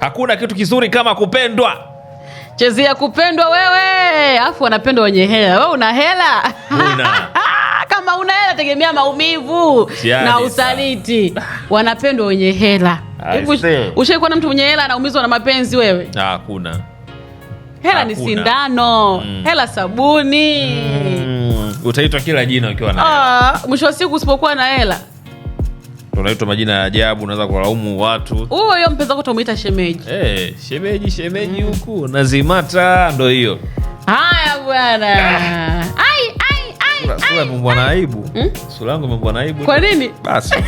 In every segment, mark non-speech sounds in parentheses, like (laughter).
Hakuna kitu kizuri kama kupendwa. chezia kupendwa wewe, alafu wanapendwa wenye hela. Wewe una hela una. (laughs) kama una hela tegemea maumivu Siani na usaliti wanapendwa wenye hela. Ah, Ushaikuwa na mtu mwenye hela anaumizwa na mapenzi wewe? Ah, hakuna. Hela ni sindano mm. Hela sabuni mm. Utaitwa kila jina ukiwa na hela. Ah, mwisho wa siku usipokuwa na hela unaitwa majina ya ajabu, unaweza kulaumu watu. Huyo mpenzi wako utamuita shemeji. Hey, eh, shemeji shemeji huku nazimata, ndo hiyo. Haya bwana, ai ai ai, sura imembwa na aibu, hmm? sura yangu imembwa na aibu. Kwa nini basi? (laughs)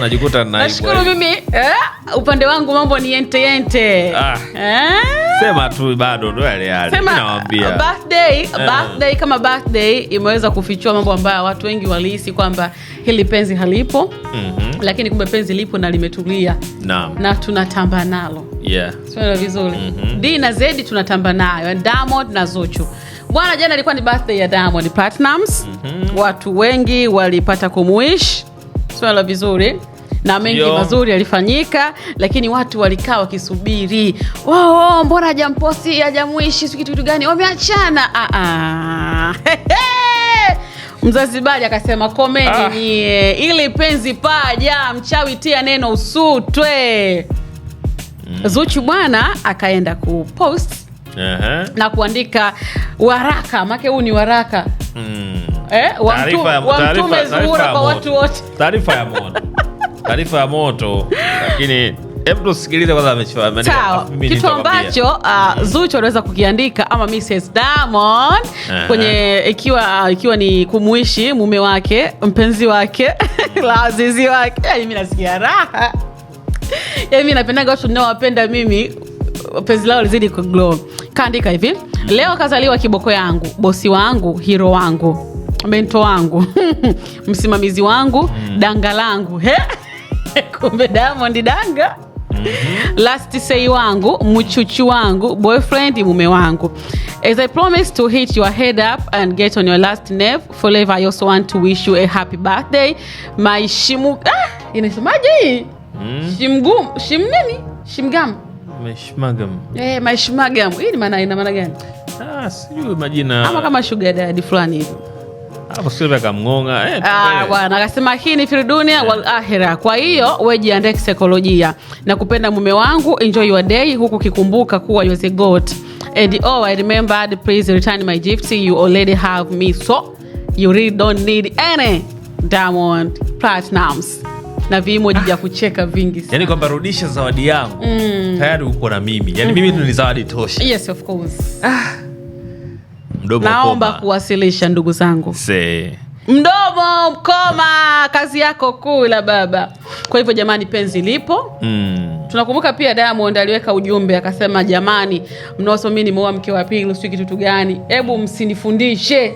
Najikuta nashukuru mimi eh, upande wangu mambo ni yente yente ah. eh? Sema tu bado ndo yale yale. Sema nawaambia. Birthday, eh. birthday kama birthday imeweza kufichua mambo ambayo watu wengi walihisi kwamba hili penzi halipo. Mm -hmm. Lakini kumbe penzi lipo na limetulia. Naam. Na tunatamba nalo. Yeah. Sio vizuri. Mm -hmm. D na Z tunatamba nayo. Diamond na Zuchu. Bwana, jana ilikuwa ni birthday ya Diamond Platnumz. Mm -hmm. Watu wengi walipata kumwish. Sio vizuri na mengi Yo. mazuri yalifanyika, lakini watu walikaa wakisubiri, wow, wow, mbona hajamposti hajamuishi, sio kitu gani, wameachana ah -ah. (laughs) Mzanzibari akasema komeni ah. nyie, ili penzi paja, mchawi tia neno usutwe. mm. Zuchu bwana akaenda kupost uh -huh. na kuandika waraka, make huu ni waraka mm. eh, wamtume Zuhura kwa watu wote, taarifa ya moto (laughs) taarifa ya moto lakini hebu tusikilize kwanza Kitu ambacho uh, Zuchu anaweza kukiandika ama Mrs Diamond eh. kwenye ikiwa uh, ikiwa ni kumuishi mume wake mpenzi wake (laughs) la wake. yani mi nasikia raha. yani mimi napendaga watu ninaowapenda mimi penzi lao lizidi kuglo Kaandika hivi, leo kazaliwa kiboko yangu, bosi wangu, hiro wangu, mento wangu, (laughs) msimamizi wangu, mm. danga langu. (laughs) kumbe Diamond danga mm -hmm. Last say wangu mchuchu wangu boyfriend mume wangu as I promise to hit your head up and get on your last nerve forever I also want to wish you a happy birthday my shimu ah, inasemaje hii mm. shimgum shim nini shimgam Meshmagam. Eh, meshmagam. Hii ni maana ina maana gani? Ah, sijui majina. Ama kama sugar daddy fulani hivi hapo ah, Silva akamngonga eh, ah, eh. bwana akasema hii ni firidunia dunia wal akhira. Kwa hiyo wewe jiandae kisaikolojia na kupenda mume wangu, enjoy your day, huku kikumbuka kuwa you are goat and oh I remembered, please return my gift, you already have me so you really don't need any Diamond Platnumz na viimoji vya kucheka vingi yaani sana. Yani kwamba rudisha zawadi yangu, mm. Tayari uko na mimi yani mm -hmm. Mimi ni zawadi tosha. Yes, of course. Ah mdomo naomba kuwasilisha ndugu zangu see. mdomo mkoma kazi yako kuu la baba. Kwa hivyo jamani, penzi lipo mm. Tunakumbuka pia Diamond aliweka ujumbe akasema, jamani mnaosema mimi nimeoa mke wa pili sijui kitu gani, hebu msinifundishe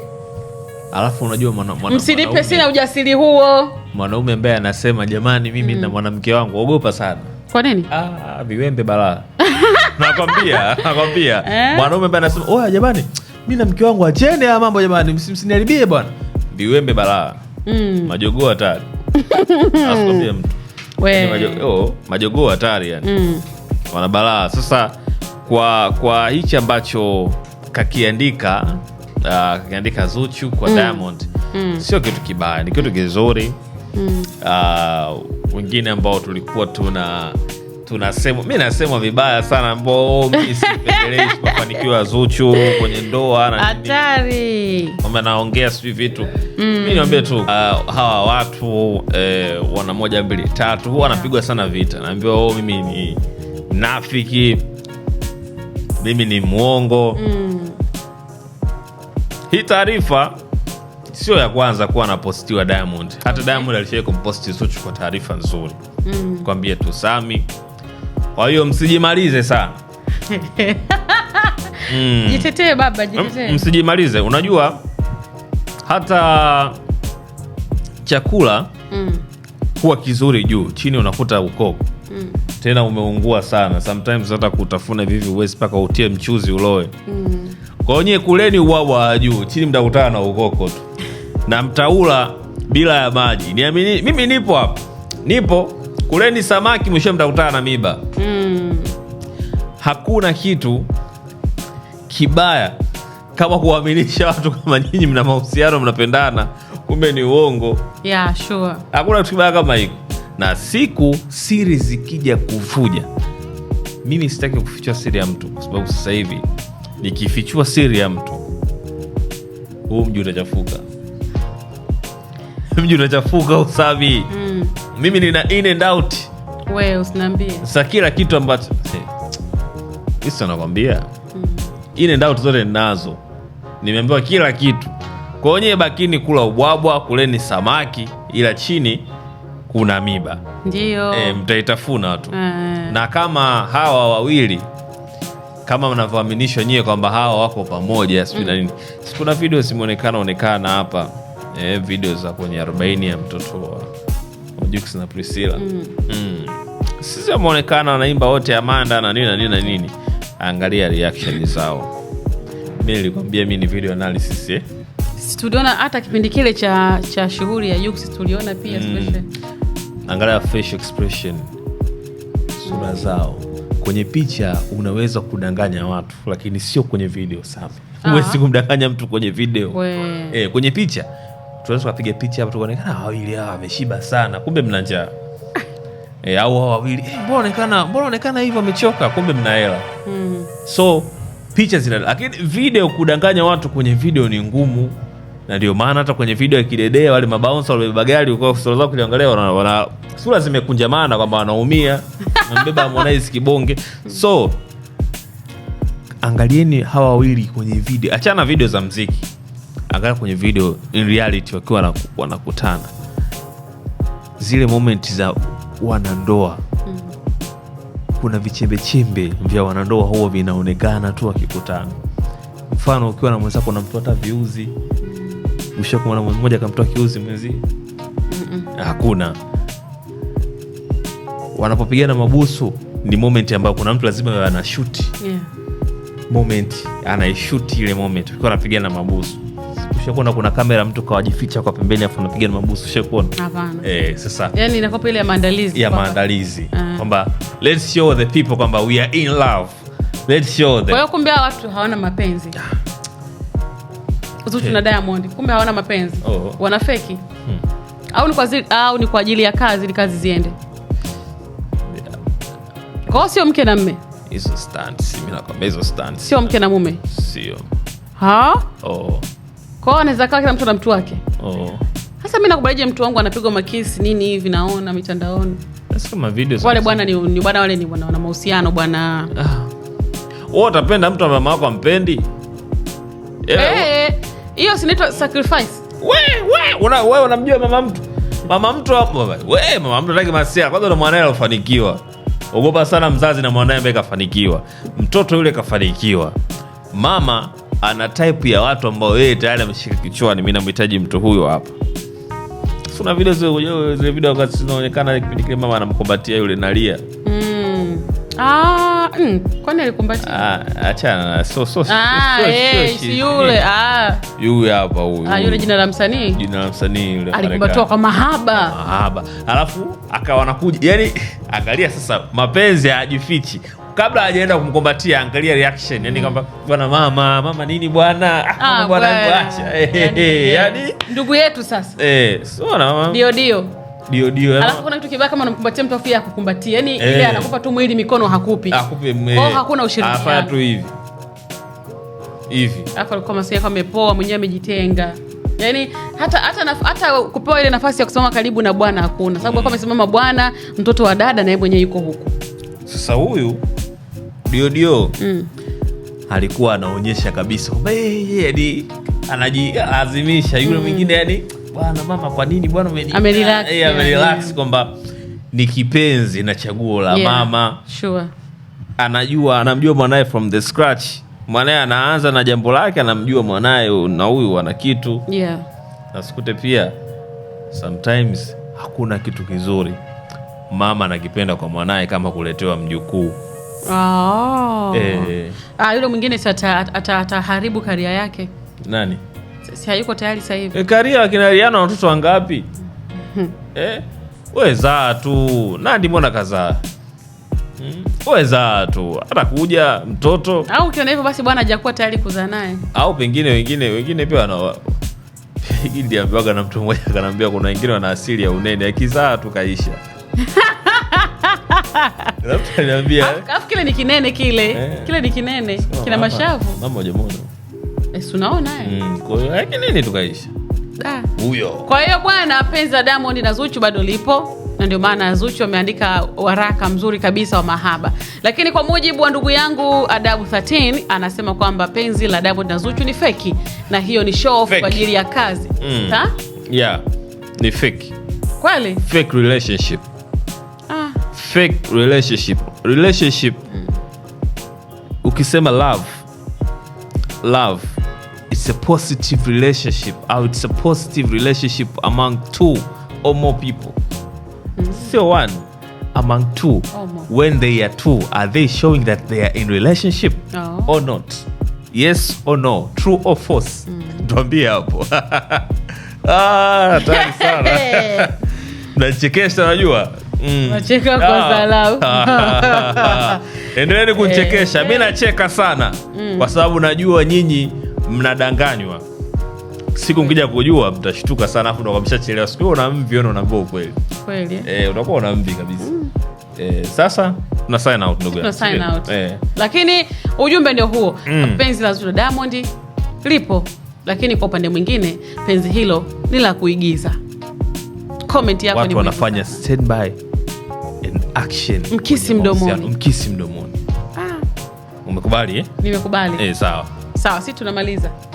Alafu unajua mwana, mwana, msinipe, sina ujasiri huo. Mwanaume ambaye anasema jamani, mimi mm. na mwanamke wangu ogopa sana. Kwa nini? Ah, viwembe balaa (laughs) nakwambia, nakwambia (laughs) eh? mwanaume ambaye anasema oya, jamani mi na mke wangu achene haya mambo jamani, msiniharibie bwana. Viwembe balaa mm. majogoo hatari (laughs) mtu yaani oh, majogoo hatari yani mm. wana balaa sasa. Kwa, kwa hichi ambacho kakiandika uh, kakiandika Zuchu kwa mm. Diamond mm. sio kitu kibaya, ni kitu kizuri mm. uh, wengine ambao tulikuwa tuna tunasema mi nasemwa vibaya sana Mbogi, mafanikio ya Zuchu kwenye ndoa na hatari, naongea sijui vitu mm. Mi niambie tu uh, hawa watu eh, wana moja mbili tatu, huwa wanapigwa sana vita, naambiwa oh, mimi ni nafiki mimi ni mwongo mm. Hii taarifa sio ya kwanza kuwa anapostiwa Diamond. Hata Diamond alishawai kumposti Zuchu kwa taarifa nzuri mm. kwambie tu Sami kwa hiyo msijimalize sana (laughs) mm. Jitetee baba, jitetee. Msijimalize. Unajua hata chakula mm. huwa kizuri juu, chini unakuta ukoko mm. tena umeungua sana, sometimes hata kutafuna vivi uwezi mpaka utie mchuzi uloe mm. Kwa hiyo nyie kuleni uwawa juu, chini mtakutana na ukoko tu (laughs) na mtaula bila ya maji. Niamini mimi, nipo hapa, nipo kuleni samaki mwisho mtakutana na miba mm. Hakuna kitu kibaya kama kuwaaminisha watu kama nyinyi mna mahusiano mnapendana, kumbe ni uongo. Yeah, sure. Hakuna kitu kibaya kama hiko, na siku siri zikija kuvuja, mimi sitaki kufichua siri ya mtu, kwa sababu sasa hivi nikifichua siri ya mtu huu mji utachafuka. (laughs) mji unachafuka usafi mm. mimi nina in and out sa kila kitu ambacho eh, isi anakwambia mm. in and out zote ninazo nimeambiwa kila kitu kwa bakini kula ubwabwa kuleni samaki ila chini kuna miba ndio e, mtaitafuna tu mm. na kama hawa wawili kama mnavyoaminishwa nyewe kwamba hawa wako pamoja sijui mm. nanini sikuna video simeonekana onekana hapa eh, video za kwenye 40 ya mtoto wa Jux na Priscilla mm. mm. Sisi wameonekana wanaimba wote Amanda na nini na nini na nini, angalia reaction zao. Mi nilikwambia mi ni video analysis eh? tuliona hata kipindi kile cha, cha shughuli ya Jux tuliona pia mm. Angalia facial expression sura zao kwenye picha unaweza kudanganya watu, lakini sio kwenye video. Sami, ah. huwezi kumdanganya mtu kwenye video e, kwenye picha tunaweza tukapiga picha hapa tukaonekana wawili hawa wameshiba sana, kumbe mna njaa (laughs) e, au hawa wawili mbona onekana mbona onekana hivyo wamechoka, kumbe mna hela mm. so picha zina, lakini video, kudanganya watu kwenye video ni ngumu, na ndio maana hata kwenye video ya kidedea wale mabaunsa walibeba gari kwa sura zao kuliangalia, wana, wana sura zimekunjamana kwamba wanaumia (laughs) wamebeba Harmonize kibonge. So angalieni hawa wawili kwenye video, achana video za mziki angalia kwenye video, in reality wakiwa wanakutana, zile momenti za wanandoa mm. kuna vichembechembe vya wanandoa huwa vinaonekana tu wakikutana. Mfano, ukiwa na mwenzako unamtoa hata viuzi, ushakuona mmoja akamtoa kiuzi mwenzi mm -mm. hakuna wanapopigana mabusu ni moment ambayo kuna mtu lazima anashuti yeah. moment anaishuti ile moment ukiwa anapigana mabusu Ushakuona kuna kamera mtu kawajificha kwa pembeni afu anapiga na mabusu, ushakuona? Eh, sasa yani inakopa ile ya maandalizi, ya maandalizi ah. kwamba let's show the people kwamba we are in love, let's show them. Kwa hiyo kumbe watu hawana mapenzi Zuchu ah. na Diamond kumbe hawana mapenzi oh. wana Wanafeki hmm. Au ni kwa zili, au ni kwa ajili ya kazi ili kazi ziende kwao, sio mke na mme, hizo stand stand si mimi sio mke na mume, sio ha oh kwao anaweza kaa kila mtu na mtu wake. Oh. Sasa mimi nakubalije mtu wangu anapigwa makisi nini hivi naona mitandaoni. wale bwana ni, ni bwana wale ni bwana wana mahusiano bwana. Ah. Wewe utapenda mtu ambaye mama ampendi? Eh, eh, hiyo sinaitwa sacrifice. unamjua mama mtu. Mama mtu we mama mtu atake masia kwanza na mwanae alofanikiwa. Ogopa sana mzazi na mwanae ambaye kafanikiwa. Mtoto yule kafanikiwa. Mama ana type ya watu ambao yeye tayari ameshika kichwani, mi namhitaji mtu huyo hapa. Kuna vile zile video wakati zinaonekana kipindi kile mama anamkumbatia yule nalia mm. Ah, mm. alikumbatia? Ah, achana so so ah, eh, yule ah yule hapa huyu ah yule jina la msanii jina la msanii yule alikumbatiwa kwa mahaba mahaba, alafu akawa anakuja yani, angalia sasa, mapenzi hajifichi kabla hajaenda kumkumbatia, angalia reaction yani, kwamba bwana mama mama nini bwana ah, (laughs) bwana ah, bwana acha (laughs) yani ndugu yetu sasa eh, sio na mama dio dio dio dio. Alafu kuna kitu kibaya kama unamkumbatia mtu afia kukumbatia yani eh. ile anakupa tu mwili, mikono hakupi, hakupi mwe kwao, hakuna ushirikiano, afanya ah, tu hivi hivi, alafu alikuwa masikia amepoa mwenyewe, amejitenga yani hata hata, naf hata kupewa ile nafasi ya kusimama karibu na bwana hakuna, sababu mm. Amesimama bwana mtoto wa dada, na yeye mwenyewe yuko huko Sasa huyu Diodio mm. alikuwa anaonyesha kabisa kwamba yani anajiazimisha. Yule mm. mwingine mm. yani bwana, mama, kwa nini bwana amerelax kwamba ni kipenzi na chaguo la yeah. mama sure. Anajua, anamjua mwanaye from the scratch. Mwanaye anaanza na jambo lake, anamjua mwanaye na huyu ana kitu yeah. Nasikute pia sometimes hakuna kitu kizuri mama anakipenda kwa mwanaye kama kuletewa mjukuu. Oh. Eh. Ah, yule mwingine si ataharibu karia yake. Nani? Si hayuko tayari sasa hivi. E, eh, karia akina na watoto wangapi? Hmm. eh? Wewe tu. Nandi mbona kazaa? Hmm? wezaa tu atakuja mtoto au ukiona hivyo basi bwana hajakuwa tayari kuzaa naye, au pengine wengine wengine pia wana (laughs) iliambiwaga na mtu mmoja, akanaambia kuna wengine wana asili ya unene, akizaa tu kaisha (laughs) kile ni kinene kile eh. Kile ni kinene kina mashavu tukaisha huyo. Kwa hiyo bwana, penzi la Diamond na Zuchu bado lipo na ndio maana Zuchu ameandika waraka mzuri kabisa wa mahaba, lakini kwa mujibu wa ndugu yangu Adabu 13 anasema kwamba penzi la Diamond na Zuchu ni feki na hiyo ni show off kwa ajili ya kazi mm. yeah. ni feki Kweli? Fake relationship fake relationship relationship mm. ukisema love love it's a positive relationship or it's a positive relationship among two or more people mm-hmm. sio one among two Almost. when they are two are they showing that they are in relationship oh. or not yes or no true or false mm. tuambie hapo (laughs) ah, hatari sana (laughs) mnachekesha najua Mm. Nacheka kwa ah. (laughs) Endeleeni kunchekesha, eh. mi nacheka sana mm. kwa sababu najua nyinyi mnadanganywa. Siku mkija kujua mtashtuka sana, afu ndo mshachelewa. Siku una mvi ona, unavua ukweli kweli, eh? eh, utakuwa una mvi kabisa mm. Eh, sasa tuna sign out ndugu tuna sign out eh. Lakini ujumbe ndio huo mm. Penzi la Zuchu Diamond lipo, lakini kwa upande mwingine penzi hilo ni la kuigiza. Comment yako ni wanafanya standby action, mkisi mdomoni, mkisi mdomoni. Ah, umekubali eh? Nimekubali. Eh, sawa sawa, sisi tunamaliza.